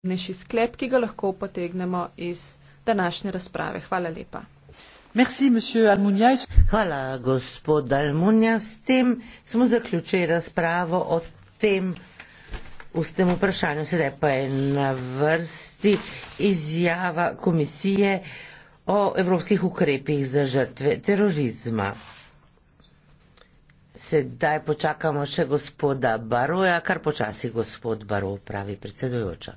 najpomembnejši sklep, ki ga lahko potegnemo iz današnje razprave. Hvala lepa. Merci, Hvala, gospod Dalmunja. S tem smo zaključili razpravo o tem ustnem vprašanju. Sedaj pa je na vrsti izjava komisije o evropskih ukrepih za žrtve terorizma. Sedaj počakamo še gospoda Baroja, kar počasi gospod Baro pravi predsedujoča.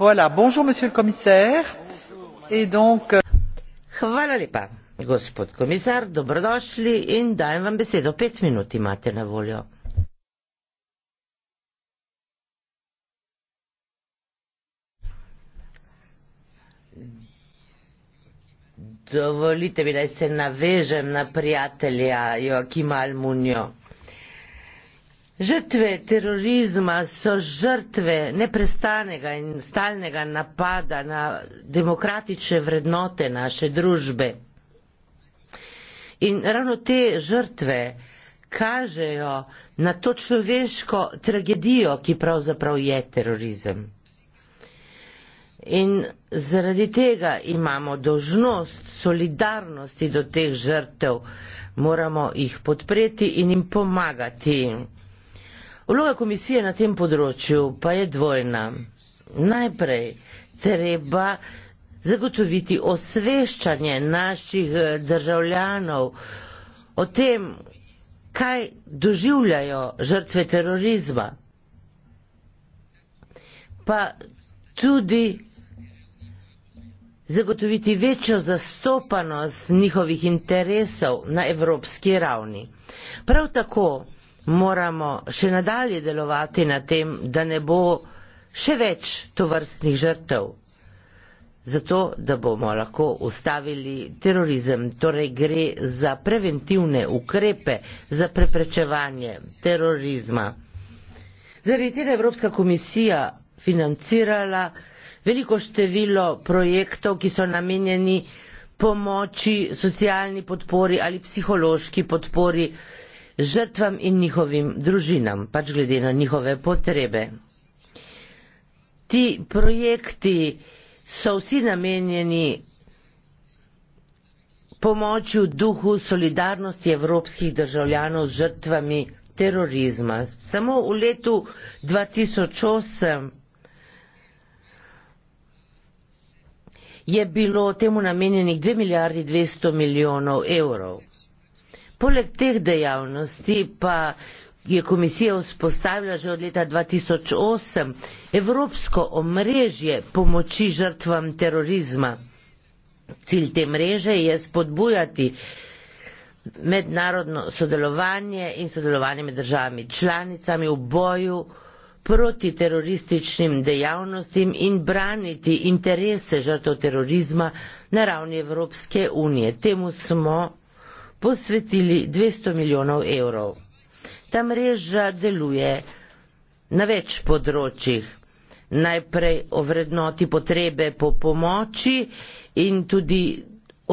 Euh, hvala lepa gospod komisar dobro došli in dajem vam besedo pet minut imate na voljo ja gospod komisar dobrodošli in dajem vam besedo pet minut imate na voljo Dovolite mi, da se navežem na prijatelja Joakima Almunjo. Žrtve terorizma so žrtve neprestanega in stalnega napada na demokratične vrednote naše družbe. In ravno te žrtve kažejo na to človeško tragedijo, ki pravzaprav je terorizem. In zaradi tega imamo dožnost solidarnosti do teh žrtev, moramo jih podpreti in jim pomagati. Vloga komisije na tem področju pa je dvojna. Najprej treba zagotoviti osveščanje naših eh, državljanov o tem, kaj doživljajo žrtve terorizma. Pa tudi zagotoviti večjo zastopanost njihovih interesov na evropski ravni. Prav tako moramo še nadalje delovati na tem, da ne bo še več tovrstnih žrtev, zato da bomo lahko ustavili terorizem. Torej gre za preventivne ukrepe za preprečevanje terorizma. Zaradi tega je Evropska komisija financirala veliko število projektov, ki so namenjeni pomoči, socialni podpori ali psihološki podpori žrtvam in njihovim družinam, pač glede na njihove potrebe. Ti projekti so vsi namenjeni pomoči v duhu solidarnosti evropskih državljanov z žrtvami terorizma. Samo v letu 2008 je bilo temu namenjenih 2 milijardi 200 milijonov evrov. Poleg teh dejavnosti pa je komisija vzpostavila že od leta 2008 evropsko omrežje pomoči žrtvam terorizma. Cilj te mreže je spodbujati mednarodno sodelovanje in sodelovanje med državami članicami v boju proti terorističnim dejavnostim in braniti interese žrtev terorizma na ravni Evropske unije. Temu smo posvetili 200 milijonov evrov. Ta mreža deluje na več področjih. Najprej ovrednoti potrebe po pomoči in tudi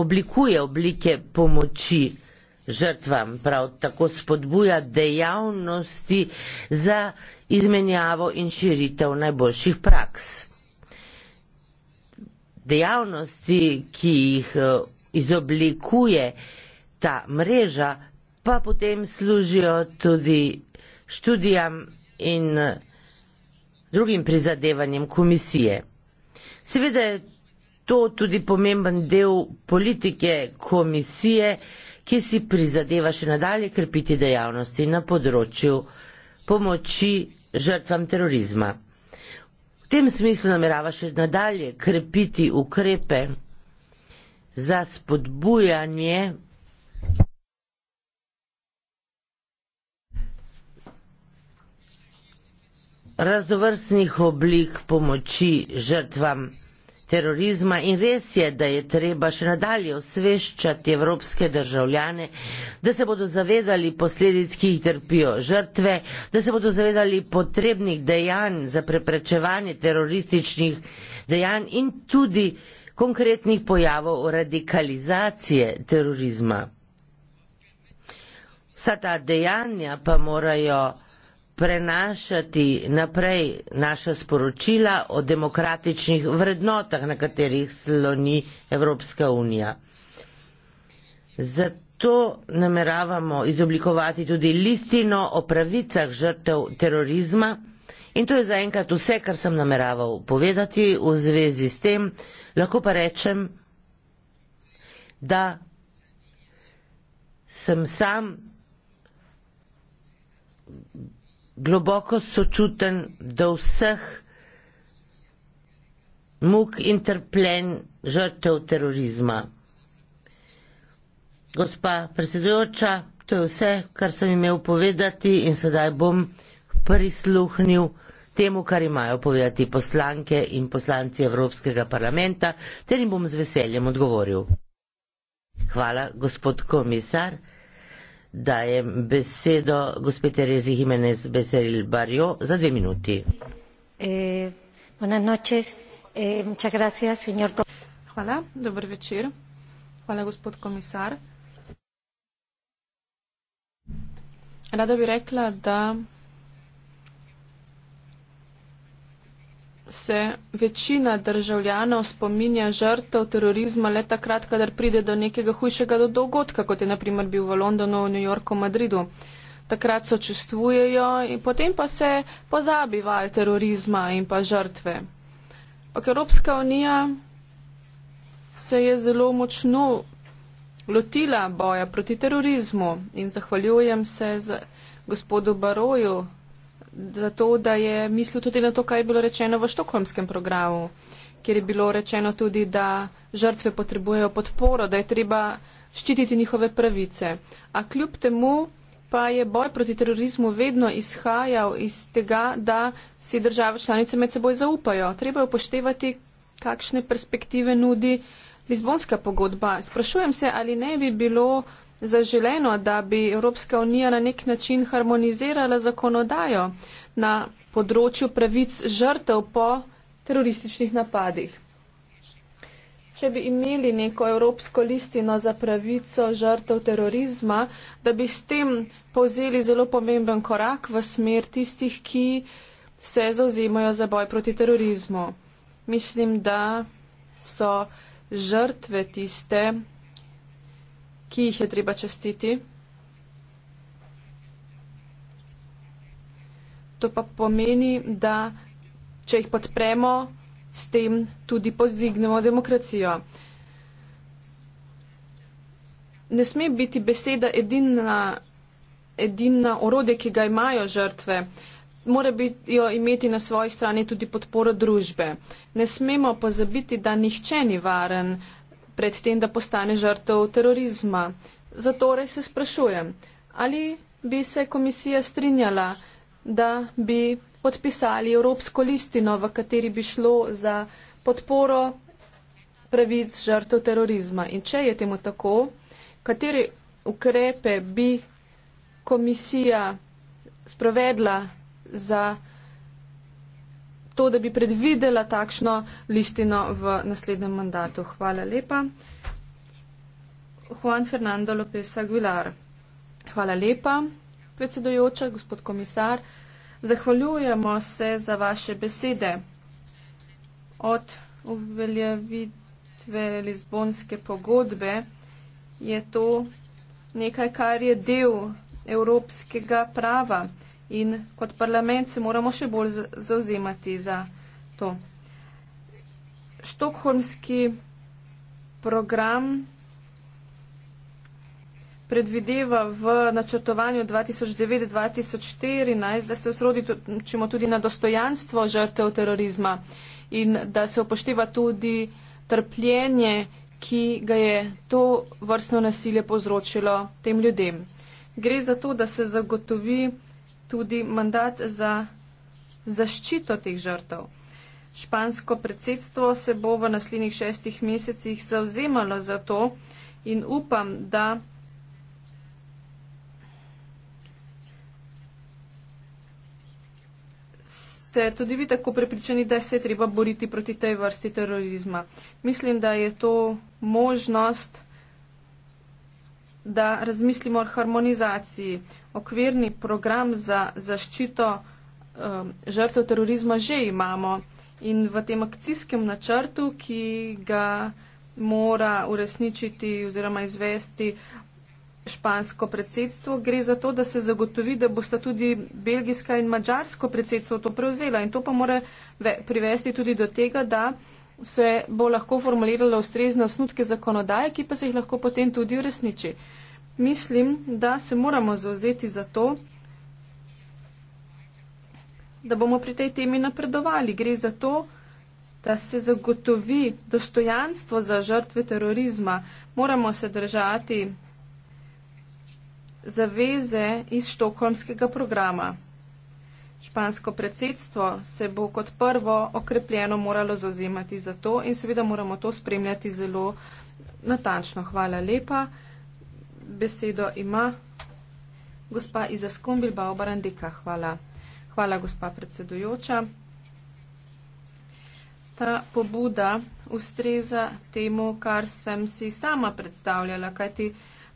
oblikuje oblike pomoči žrtvam, prav tako spodbuja dejavnosti za izmenjavo in širitev najboljših praks. Dejavnosti, ki jih eh, izoblikuje, ta mreža, pa potem služijo tudi študijam in eh, drugim prizadevanjem komisije. Seveda je to tudi pomemben del politike komisije, ki si prizadeva še nadalje krepiti dejavnosti na področju pomoči žrtvam terorizma. V tem smislu namerava še nadalje krepiti ukrepe za spodbujanje raznovrstnih oblik pomoči žrtvam terorizma in res je, da je treba še nadalje osveščati evropske državljane, da se bodo zavedali posledic, ki jih trpijo žrtve, da se bodo zavedali potrebnih dejanj za preprečevanje terorističnih dejanj in tudi konkretnih pojavov radikalizacije terorizma. Vsa ta dejanja pa morajo prenašati naprej naša sporočila o demokratičnih vrednotah, na katerih sloni Evropska unija. Zato nameravamo izoblikovati tudi listino o pravicah žrtev terorizma in to je zaenkrat vse, kar sem nameraval povedati v zvezi s tem. Lahko pa rečem, da sem sam globoko sočuten do vseh muk in trpljen žrtev terorizma. Gospa predsedujoča, to je vse, kar sem imel povedati in sedaj bom prisluhnil temu, kar imajo povedati poslanke in poslanci Evropskega parlamenta, ter jim bom z veseljem odgovoril. Hvala, gospod komisar dajem besedo gospe Terezi Jimenez Becerril Barrio za dve minuti. Eh, eh, gracias, señor... Hvala, dober večer. Hvala, gospod komisar. Rada bi rekla, da se večina državljanov spominja žrtev terorizma le takrat, kadar pride do nekega hujšega dogodka, kot je naprimer bil v Londonu, v New Yorku, v Madridu. Takrat so čustvujejo in potem pa se pozabi val terorizma in pa žrtve. Ampak Evropska unija se je zelo močno lotila boja proti terorizmu in zahvaljujem se gospodu Baroju zato, da je mislil tudi na to, kaj je bilo rečeno v štokholmskem programu, kjer je bilo rečeno tudi, da žrtve potrebujejo podporo, da je treba ščititi njihove pravice. A kljub temu pa je boj proti terorizmu vedno izhajal iz tega, da si države članice med seboj zaupajo. Treba je upoštevati, kakšne perspektive nudi Lizbonska pogodba. Sprašujem se, ali ne bi bilo zaželeno, da bi Evropska unija na nek način harmonizirala zakonodajo na področju pravic žrtev po terorističnih napadih. Če bi imeli neko evropsko listino za pravico žrtev terorizma, da bi s tem povzeli zelo pomemben korak v smer tistih, ki se zauzemajo za boj proti terorizmu. Mislim, da so žrtve tiste, ki jih je treba čestiti. To pa pomeni, da če jih podpremo, s tem tudi pozdignemo demokracijo. Ne sme biti beseda edina, edina orodje, ki ga imajo žrtve. Mora jo imeti na svoji strani tudi podporo družbe. Ne smemo pozabiti, da nihče ni varen predtem, da postane žrtev terorizma. Zatorej se sprašujem, ali bi se komisija strinjala, da bi podpisali evropsko listino, v kateri bi šlo za podporo pravic žrtev terorizma. In če je temu tako, katere ukrepe bi komisija sprovedla za to, da bi predvidela takšno listino v naslednjem mandatu. Hvala lepa. Juan Fernando López Aguilar. Hvala lepa, predsedojoča, gospod komisar. Zahvaljujemo se za vaše besede. Od uveljavitve Lizbonske pogodbe je to nekaj, kar je del evropskega prava in kot parlament se moramo še bolj zauzemati za to. Štokholmski program predvideva v načrtovanju 2009-2014, da se osrodičimo tudi na dostojanstvo žrtev terorizma in da se upošteva tudi trpljenje, ki ga je to vrstno nasilje povzročilo tem ljudem. Gre za to, da se zagotovi tudi mandat za zaščito teh žrtev. Špansko predsedstvo se bo v naslednjih šestih mesecih zauzemalo za to in upam, da ste tudi vi tako prepričani, da se je treba boriti proti tej vrsti terorizma. Mislim, da je to možnost da razmislimo o harmonizaciji. Okvirni program za zaščito um, žrtev terorizma že imamo in v tem akcijskem načrtu, ki ga mora uresničiti oziroma izvesti špansko predsedstvo, gre za to, da se zagotovi, da bosta tudi belgijska in mađarsko predsedstvo to prevzela in to pa mora privesti tudi do tega, da se bo lahko formuliralo ustrezne osnutke zakonodaje, ki pa se jih lahko potem tudi uresniči. Mislim, da se moramo zauzeti za to, da bomo pri tej temi napredovali. Gre za to, da se zagotovi dostojanstvo za žrtve terorizma. Moramo se držati zaveze iz štokholmskega programa. Špansko predsedstvo se bo kot prvo okrepljeno moralo zauzemati za to in seveda moramo to spremljati zelo natančno. Hvala lepa. Besedo ima gospa Iza Skombil Baobarandika. Hvala. Hvala, gospa predsedujoča. Ta pobuda ustreza temu, kar sem si sama predstavljala, kajti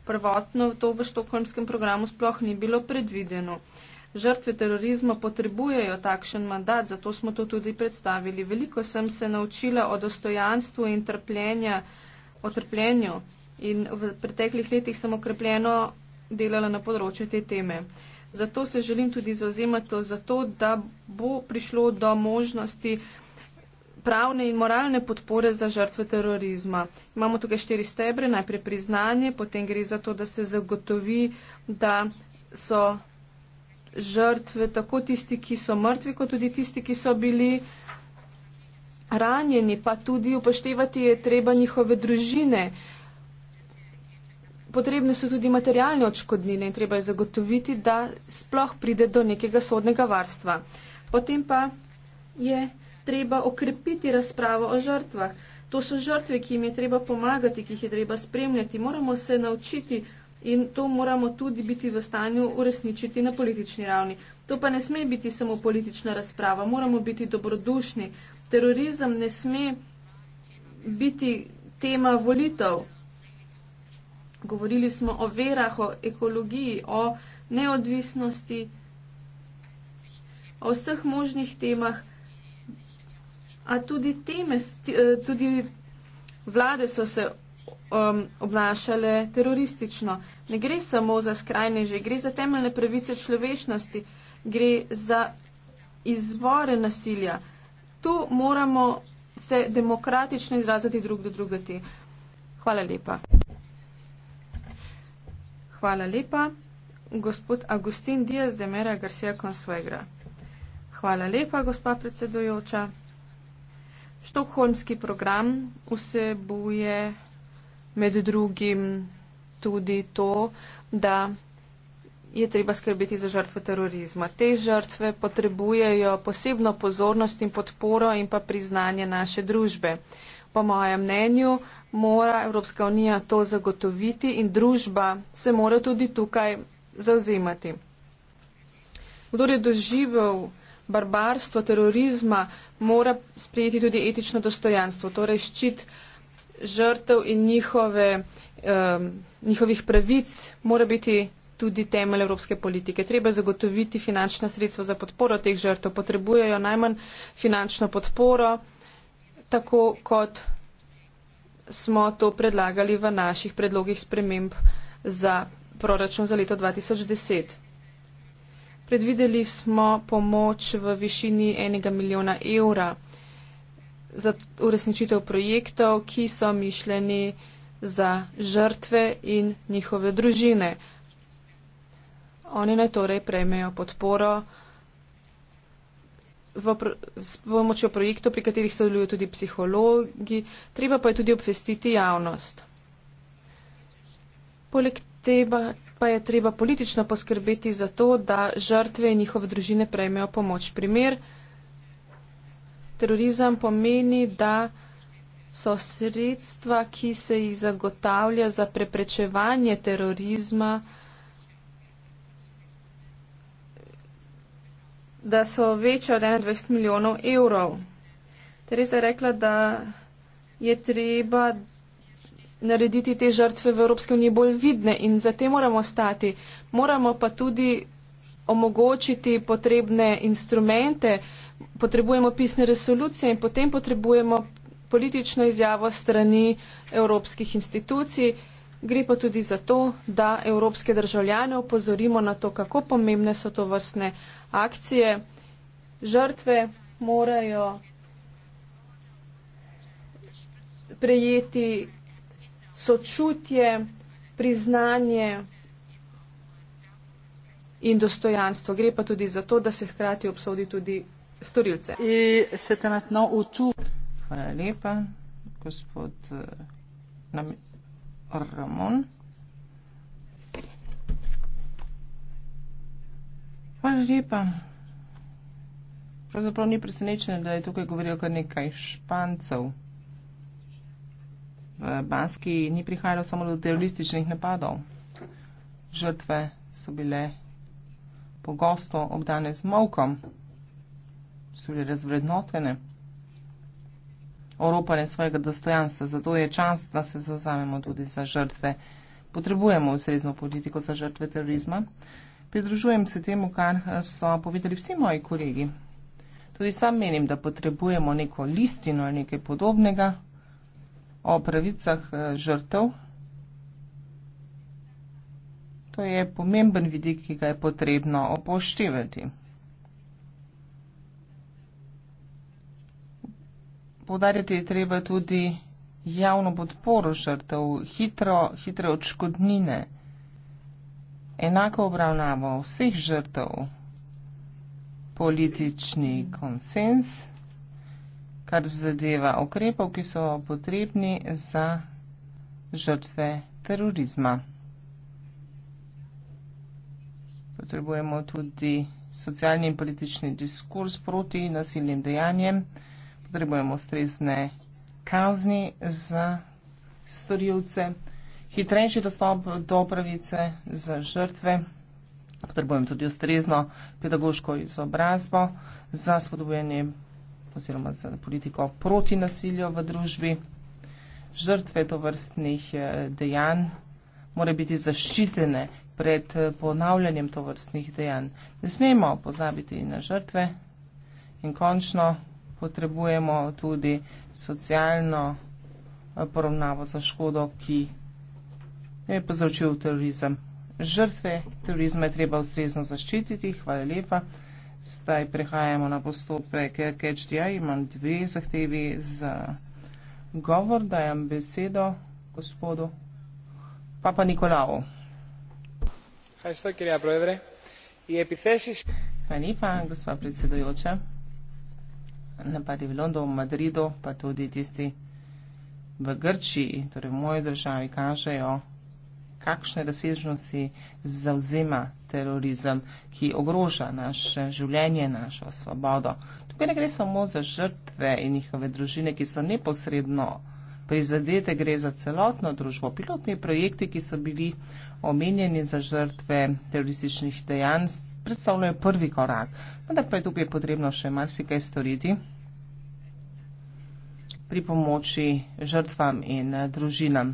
prvotno to v štokholmskem programu sploh ni bilo predvideno. Uh, Žrtve terorizma potrebujejo takšen mandat, zato smo to tudi predstavili. Veliko sem se naučila o dostojanstvu in trpljenja, o trpljenju in v preteklih letih sem okrepljeno delala na področju te teme. Zato se želim tudi zauzemati za to, da bo prišlo do možnosti pravne in moralne podpore za žrtve terorizma. Imamo tukaj štiri stebre, najprej priznanje, potem gre za to, da se zagotovi, da so žrtve, tako tisti, ki so mrtvi, kot tudi tisti, ki so bili ranjeni, pa tudi upoštevati je treba njihove družine. Potrebne so tudi materialne očkodnine in treba je zagotoviti, da sploh pride do nekega sodnega varstva. Potem pa je treba okrepiti razpravo o žrtvah. To so žrtve, ki jim je treba pomagati, ki jih je treba spremljati. Moramo se naučiti In to moramo tudi biti v stanju uresničiti na politični ravni. To pa ne sme biti samo politična razprava, moramo biti dobrodušni. Terorizem ne sme biti tema volitev. Govorili smo o verah, o ekologiji, o neodvisnosti, o vseh možnih temah, a tudi, teme, eh, tudi vlade so se um, obnašale teroristično. Ne gre samo za skrajneže, gre za temeljne pravice človečnosti, gre za izvore nasilja. Tu moramo se demokratično izraziti drug do druge te. Hvala lepa. Hvala lepa. Gospod Agustin Diaz de Mera Garcia Consuegra. Hvala lepa, gospa predsedujoča. Štokholmski program vsebuje med drugim tudi to, da je treba skrbeti za žrtve terorizma. Te žrtve potrebujejo posebno pozornost in podporo in pa priznanje naše družbe. Po mojem mnenju mora Evropska unija to zagotoviti in družba se mora tudi tukaj zauzemati. Kdo je doživel barbarstvo terorizma, mora sprejeti tudi etično dostojanstvo, torej ščit žrtev in njihove, um, njihovih pravic mora biti tudi temelj evropske politike. Treba zagotoviti finančna sredstva za podporo teh žrtev. Potrebujejo najmanj finančno podporo, tako kot smo to predlagali v naših predlogih sprememb za proračun za leto 2010. Predvideli smo pomoč v višini enega milijona evra za uresničitev projektov, ki so mišljeni za žrtve in njihove družine. Oni naj torej prejmejo podporo v, s pomočjo projektov, pri katerih sodelujo tudi psihologi, treba pa je tudi obvestiti javnost. Poleg tega pa je treba politično poskrbeti za to, da žrtve in njihove družine prejmejo pomoč. Primer, terorizem pomeni, da so sredstva, ki se jih zagotavlja za preprečevanje terorizma, da so večja od 21 milijonov evrov. Tereza je rekla, da je treba narediti te žrtve v Evropski uniji bolj vidne in za te moramo stati. Moramo pa tudi omogočiti potrebne instrumente, uh, potrebujemo pisne resolucije in potem potrebujemo politično izjavo strani evropskih institucij. Gre pa tudi za to, da evropske državljane upozorimo na to, kako pomembne so to vrstne akcije. Žrtve morajo prejeti sočutje, priznanje in dostojanstvo. Gre pa tudi za to, da se hkrati obsodi tudi storilce. Hvala lepa, gospod eh, Ramon. Hvala lepa. Pravzaprav ni presenečen, da je tukaj govorilo kar nekaj špancev. V Baski ni prihajalo samo do terorističnih napadov. Žrtve so bile pogosto obdane z molkom so bile razvrednotene, oropane svojega dostojanstva. Zato je čas, da se zauzamemo tudi za žrtve. Potrebujemo ustrezno politiko za žrtve terorizma. Pridružujem se temu, kar eh, so povedali vsi moji kolegi. Tudi sam menim, da potrebujemo neko listino ali nekaj podobnega o pravicah eh, žrtev. To je pomemben vidik, ki ga je potrebno opoštevati. Poudarjati je treba tudi javno podporo žrtev, hitro, hitre odškodnine, enako obravnavo vseh žrtev, politični konsens, kar zadeva ukrepov, ki so potrebni za žrtve terorizma. Potrebujemo tudi socialni in politični diskurs proti nasilnim dejanjem potrebujemo ustrezne kazni za storilce, hitrejši dostop do pravice za žrtve, potrebujemo tudi ustrezno pedagoško izobrazbo za spodobljanje oziroma za politiko proti nasilju v družbi. Žrtve to vrstnih eh, dejanj more biti zaščitene pred eh, ponavljanjem to vrstnih dejanj. Ne smemo pozabiti na žrtve in končno potrebujemo tudi socialno eh, poravnavo za škodo, ki je povzročil terorizem. Žrtve terorizma je treba ustrezno zaščititi. Hvala lepa. Zdaj prehajamo na postopek KHDI. Imam dve zahtevi za govor. Dajem besedo gospodu Papa Nikolavu. Hvala lepa, gospod predsedujoča napadi v Londonu, v Madridu, pa tudi tisti v Grčiji, torej v moji državi, kažejo, kakšne razsežnosti zauzema terorizem, ki ogroža naše življenje, našo svobodo. Tukaj ne gre samo za žrtve in njihove družine, ki so neposredno prizadete, gre za celotno družbo. Pilotni projekti, ki so bili omenjeni za žrtve terorističnih dejanj predstavljajo prvi korak, vendar pa je tukaj potrebno še marsikaj storiti pri pomoči žrtvam in eh, družinam.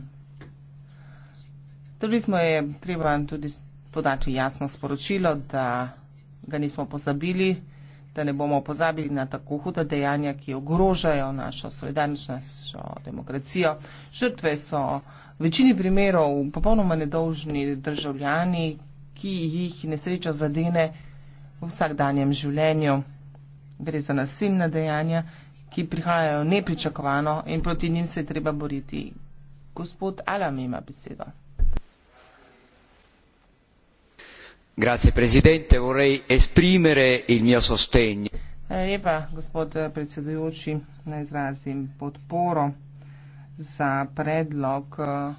Turizmo je treba tudi podati jasno sporočilo, da ga nismo pozabili, da ne bomo pozabili na tako huda dejanja, ki ogrožajo našo solidarnost, našo demokracijo. Žrtve so v večini primerov popolnoma nedolžni državljani, ki jih nesreča zadene v vsakdanjem življenju. Gre za nasilna dejanja, ki prihajajo nepričakovano in proti njim se je treba boriti. Gospod Alam ima besedo. Grazie presidente, vorrei esprimere il mio sostegno. Lepa, gospod predsedujoči, naj izrazim podporo za predlog, eh,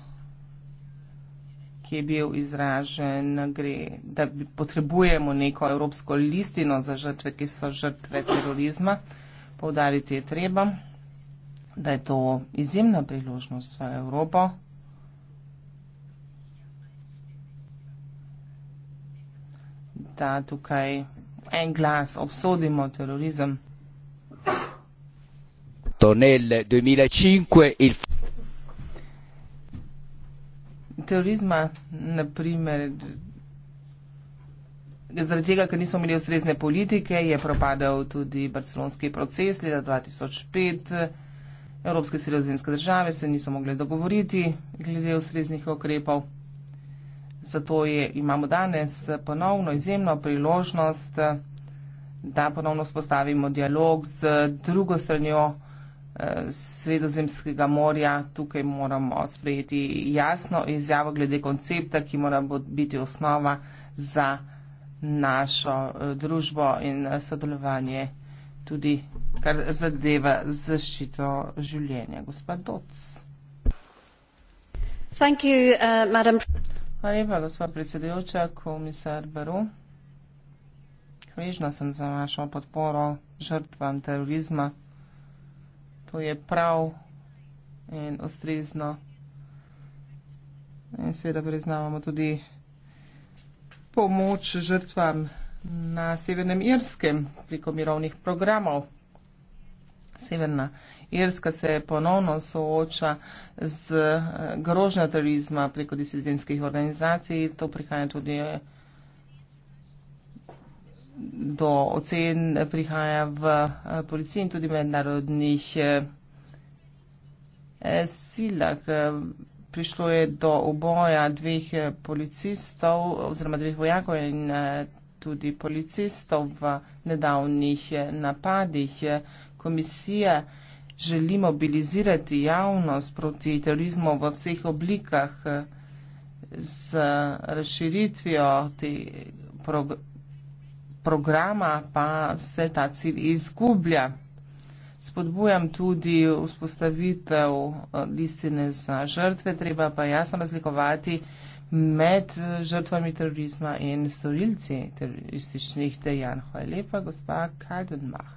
ki je bil izražen, gre, da potrebujemo neko evropsko listino za žrtve, ki so žrtve terorizma. Povdariti je treba, da je to izjemna priložnost za Evropo. da tukaj en glas obsodimo terorizem. Tonel 2005 e il terorizma, naprimer, zaradi tega, ker nismo imeli ustrezne politike, je propadal tudi barcelonski proces leta 2005. Evropske sredozemske države se niso mogle dogovoriti glede ustreznih ukrepov. Zato je, imamo danes ponovno izjemno priložnost, da ponovno spostavimo dialog z drugo stranjo. Sredozemskega morja. Tukaj moramo sprejeti jasno izjavo glede koncepta, ki mora biti osnova za našo eh, družbo in eh, sodelovanje tudi, kar zadeva zaščito življenja. Gospod Doc. Thank you, uh, madam. Hvala lepa, gospod predsedujoča, komisar Baru. Hvala sem za vašo podporo žrtvam terorizma to je prav in ustrezno. In seveda priznavamo tudi pomoč žrtvam na Severnem Irskem preko mirovnih programov. Severna Irska se ponovno sooča z grožnjo terorizma preko disidentskih organizacij. To prihaja tudi do ocen prihaja v eh, policiji in tudi mednarodnih eh, silah. Prišlo je do uboja dveh eh, policistov oziroma dveh vojakov in tudi policistov v nedavnih napadih. Komisija želi mobilizirati javnost proti terorizmu v vseh oblikah z razširitvijo te programa pa se ta cilj izgublja. Spodbujam tudi vzpostavitev eh, listine za žrtve, treba pa jasno razlikovati med eh, žrtvami terorizma in storilci terorističnih dejanj. Hvala lepa, gospa Kaldenbach.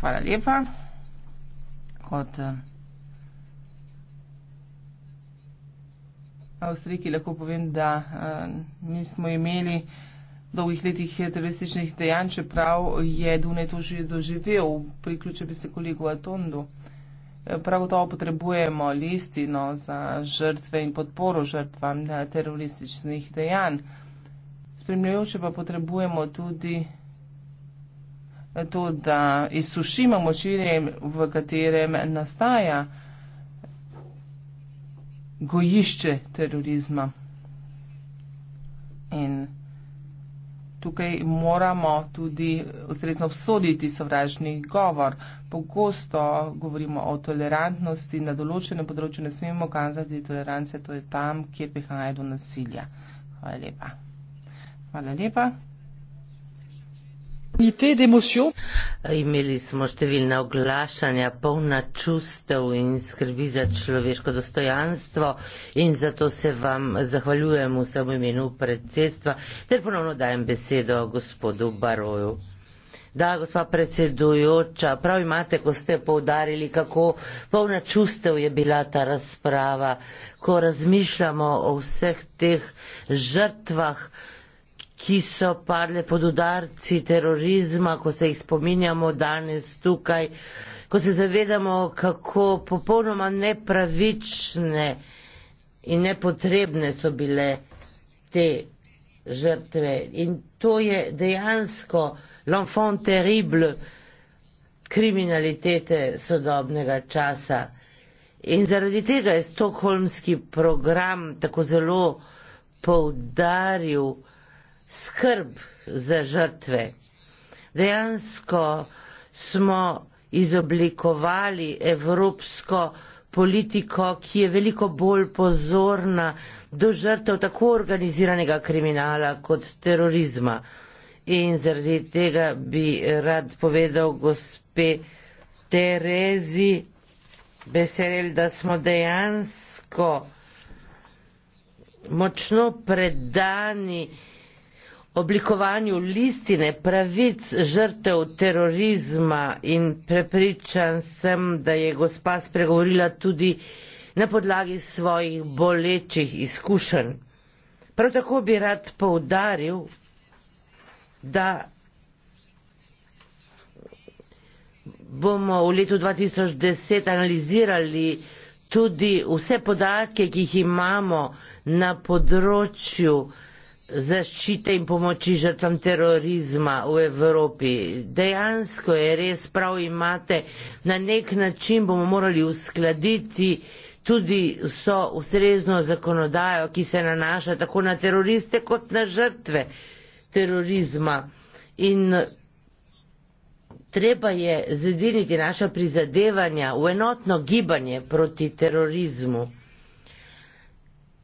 Hvala lepa. Kot, eh, Avstrijki lahko povem, da nismo eh, imeli dolgih letih eh, terorističnih dejanj, čeprav je Dunaj to že doživel, priključil bi se kolegu Atondu. Eh, prav gotovo potrebujemo listino za žrtve in podporo žrtvam terorističnih dejanj. Spremljajoče pa potrebujemo tudi to, da izsušimo močine, v katerem nastaja gojišče terorizma. In tukaj moramo tudi ustrezno obsoditi sovražni govor. Pogosto govorimo o tolerantnosti na določenem področju, ne smemo kazati tolerance, to je tam, kjer prihaja do nasilja. Hvala lepa. Hvala lepa. Imeli smo številna oglašanja, polna čustev in skrbi za človeško dostojanstvo in zato se vam zahvaljujem vsem v imenu predsedstva ter ponovno dajem besedo gospodu Baroju. Da, gospa predsedujoča, prav imate, ko ste povdarili, kako polna čustev je bila ta razprava, ko razmišljamo o vseh teh žrtvah, ki so padle pod udarci terorizma, ko se jih spominjamo danes tukaj, ko se zavedamo, kako popolnoma nepravične in nepotrebne so bile te žrtve. In to je dejansko l'enfant terrible kriminalitete sodobnega časa. In zaradi tega je stokholmski program tako zelo poudaril, skrb za žrtve. Dejansko smo izoblikovali evropsko politiko, ki je veliko bolj pozorna do žrtev tako organiziranega kriminala kot terorizma. In zaradi tega bi rad povedal gospe Terezi Beserel, da smo dejansko močno predani oblikovanju listine pravic žrtev terorizma in prepričan sem, da je gospa spregovorila tudi na podlagi svojih bolečih izkušenj. Prav tako bi rad poudaril, da bomo v letu 2010 analizirali tudi vse podatke, ki jih imamo na področju zaščite in pomoči žrtvam terorizma v Evropi. Dejansko je res prav imate, na nek način bomo morali uskladiti tudi so ustrezno zakonodajo, ki se nanaša tako na teroriste kot na žrtve terorizma. In treba je zediniti naša prizadevanja v enotno gibanje proti terorizmu.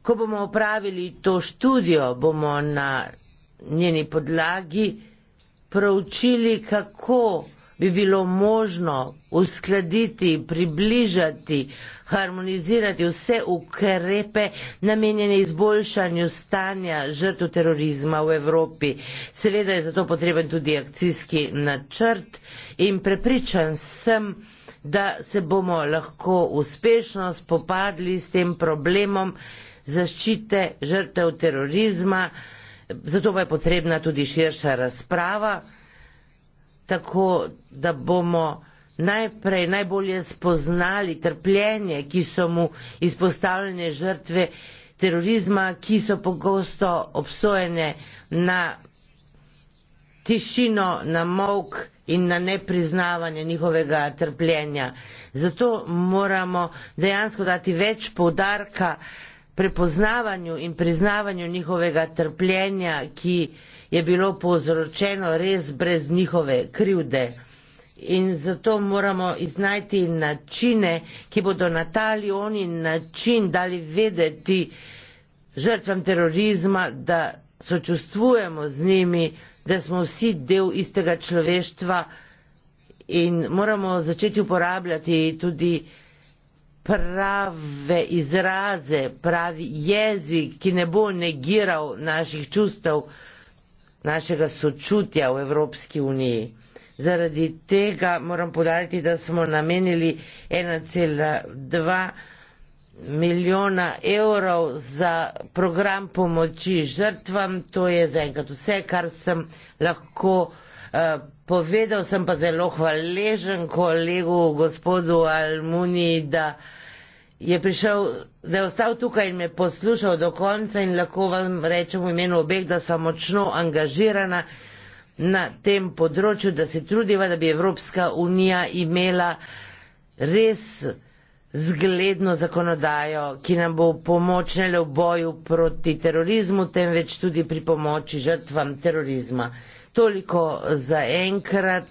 Ko bomo opravili to študijo, bomo na njeni podlagi proučili, kako bi bilo možno uskladiti, približati, harmonizirati vse ukrepe namenjene izboljšanju stanja žrtv terorizma v Evropi. Seveda je zato potreben tudi akcijski načrt in prepričan sem, da se bomo lahko uspešno spopadli s tem problemom, zaščite žrtev terorizma, zato pa je potrebna tudi širša razprava, tako da bomo najprej najbolje spoznali trpljenje, ki so mu izpostavljene žrtve terorizma, ki so pogosto obsojene na tišino, na mok in na nepriznavanje njihovega trpljenja. Zato moramo dejansko dati več poudarka prepoznavanju in priznavanju njihovega trpljenja, ki je bilo povzročeno res brez njihove krivde. In zato moramo iznajti načine, ki bodo na ta ali oni način dali vedeti žrtvam terorizma, da sočustvujemo z njimi, da smo vsi del istega človeštva in moramo začeti uporabljati tudi prave izraze, pravi jezik, ki ne bo negiral naših čustev, našega sočutja v Evropski uniji. Zaradi tega moram podariti, da smo namenili 1,2 milijona evrov za program pomoči žrtvam. To je zaenkrat vse, kar sem lahko uh, Povedal sem pa zelo hvaležen kolegu gospodu Almuni, da je prišel, da je ostal tukaj in me poslušal do konca in lahko vam rečem v imenu obeh, da sem močno angažirana na tem področju, da se trudiva, da bi Evropska unija imela res zgledno zakonodajo, ki nam bo pomočnele v boju proti terorizmu, temveč tudi pri pomoči žrtvam terorizma. Toliko za enkrat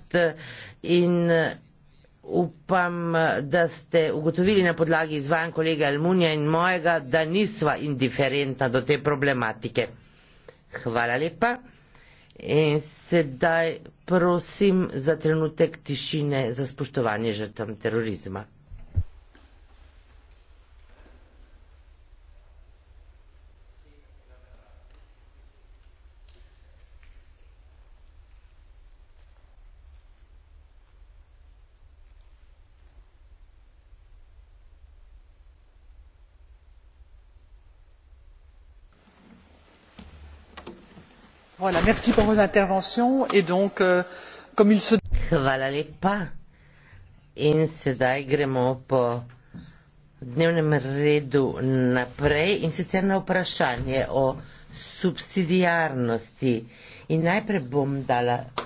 in upam, da ste ugotovili na podlagi izvajanj kolega Almunija in mojega, da nisva indiferenta do te problematike. Hvala lepa. In sedaj prosim za trenutek tišine za spoštovanje žrtvam terorizma. merci pour vos interventions et donc euh, comme il se Hvala lepa. In sedaj gremo po dnevnem redu naprej in sicer na vprašanje o subsidijarnosti. In najprej bom dala